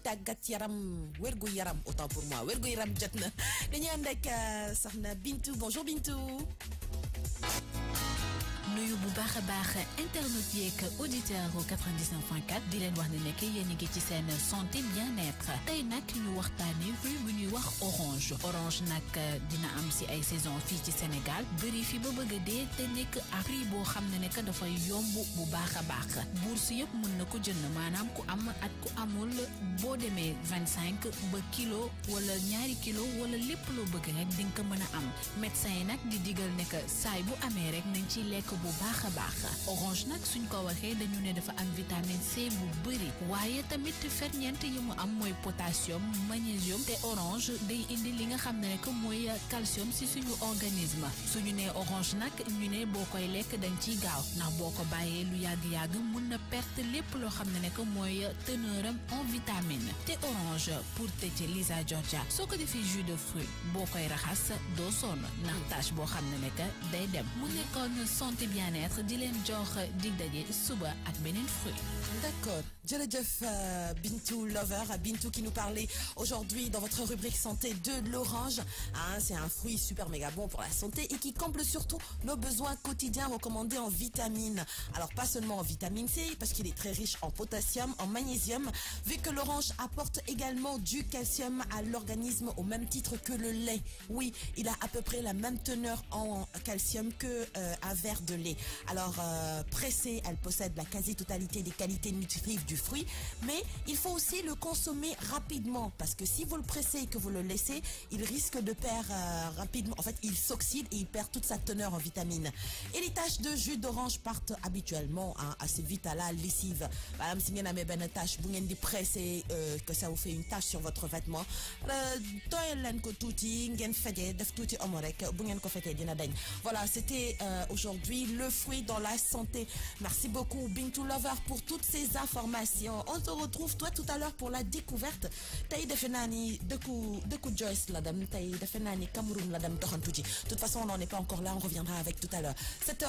tagat yaram wergu yaram autant pour moi wergu yaram jot na dañuy ànd euh, Bintou. bonjour Bintou. nuyu bu baax internet auditeur au 99.4 di leen wax ne nekk yéen ngi ci santé bien-être tey nak ñu waxtaanee rue bu ñuy wax rouge orange nag euh, dina am ci ay saison fi ci Sénégal bëri fi ba bëgg a dee te nekk ak prix boo xam ne ne yomb bu baax a baax bourse yëpp mën na ko jënd maanaam ku am at ku amul bo demee 25 ba kilo wala ñaari kilo wala lépp lo bëgg rek di nga ko am médecin yi nag di digal nek que saay bu amé rek nañ ci lekk bu baax a baax orange nak suñ ko waxé dañu né dafa am vitamine C bu bëri waye tamit ferñeent yi mu am moy potassium magnésium té orange day indi li nga xam rek calcium ci suñu organisme suñu né orange nak ñu né boo lek dañ ci gaaw ndax boko bayé lu yag yag mun na perte lépp lo xam nek moy en vitamine té orange pour tëj Lisa Georgia soko ko jus de fruit boo raxas do son ndax tâche bo xam nek day dem mu santé bien-être di leen jox dig dajé suba ak beneen fruit. D'accord jërëjëf euh, Bintou Lover Bintou qui nous parlait aujourd'hui dans votre rubrique santé de l'orange. Ah, c'est un fruit super méga bon pour la santé et qui comble surtout nos besoins quotidiens recommandés en vitamines. Alors pas seulement en vitamine C, parce qu'il est très riche en potassium, en magnésium, vu que l'orange apporte également du calcium à l'organisme au même titre que le lait. Oui, il a à peu près la même teneur en calcium que euh, un verre de lait. Alors euh, pressée, elle possède la quasi-totalité des qualités nutritives du fruit, mais il faut aussi le consommer rapidement parce que si vous le pressez et que vous le laissez, il risque de perdre euh, rapidement, en fait, il s'oxyde et il perd toute sa teneur en vitamines. Et les taches de jus d'orange partent habituellement hein, assez vite à la lessive. Madame a ben tache, vous euh, que ça vous fait une tache sur votre vêtement. Voilà, c'était euh, aujourd'hui le fruit dans la santé. Merci beaucoup Bintou Lover pour toutes ces informations. On se retrouve toi tout à l'heure pour la découverte. Taïde Fenani, de coup, de coup de Ouest la dame tey defe naa ni Cameroun la dame doxantu de toute façon on n'en est pas encore là on reviendra avec tout à l'heure 7h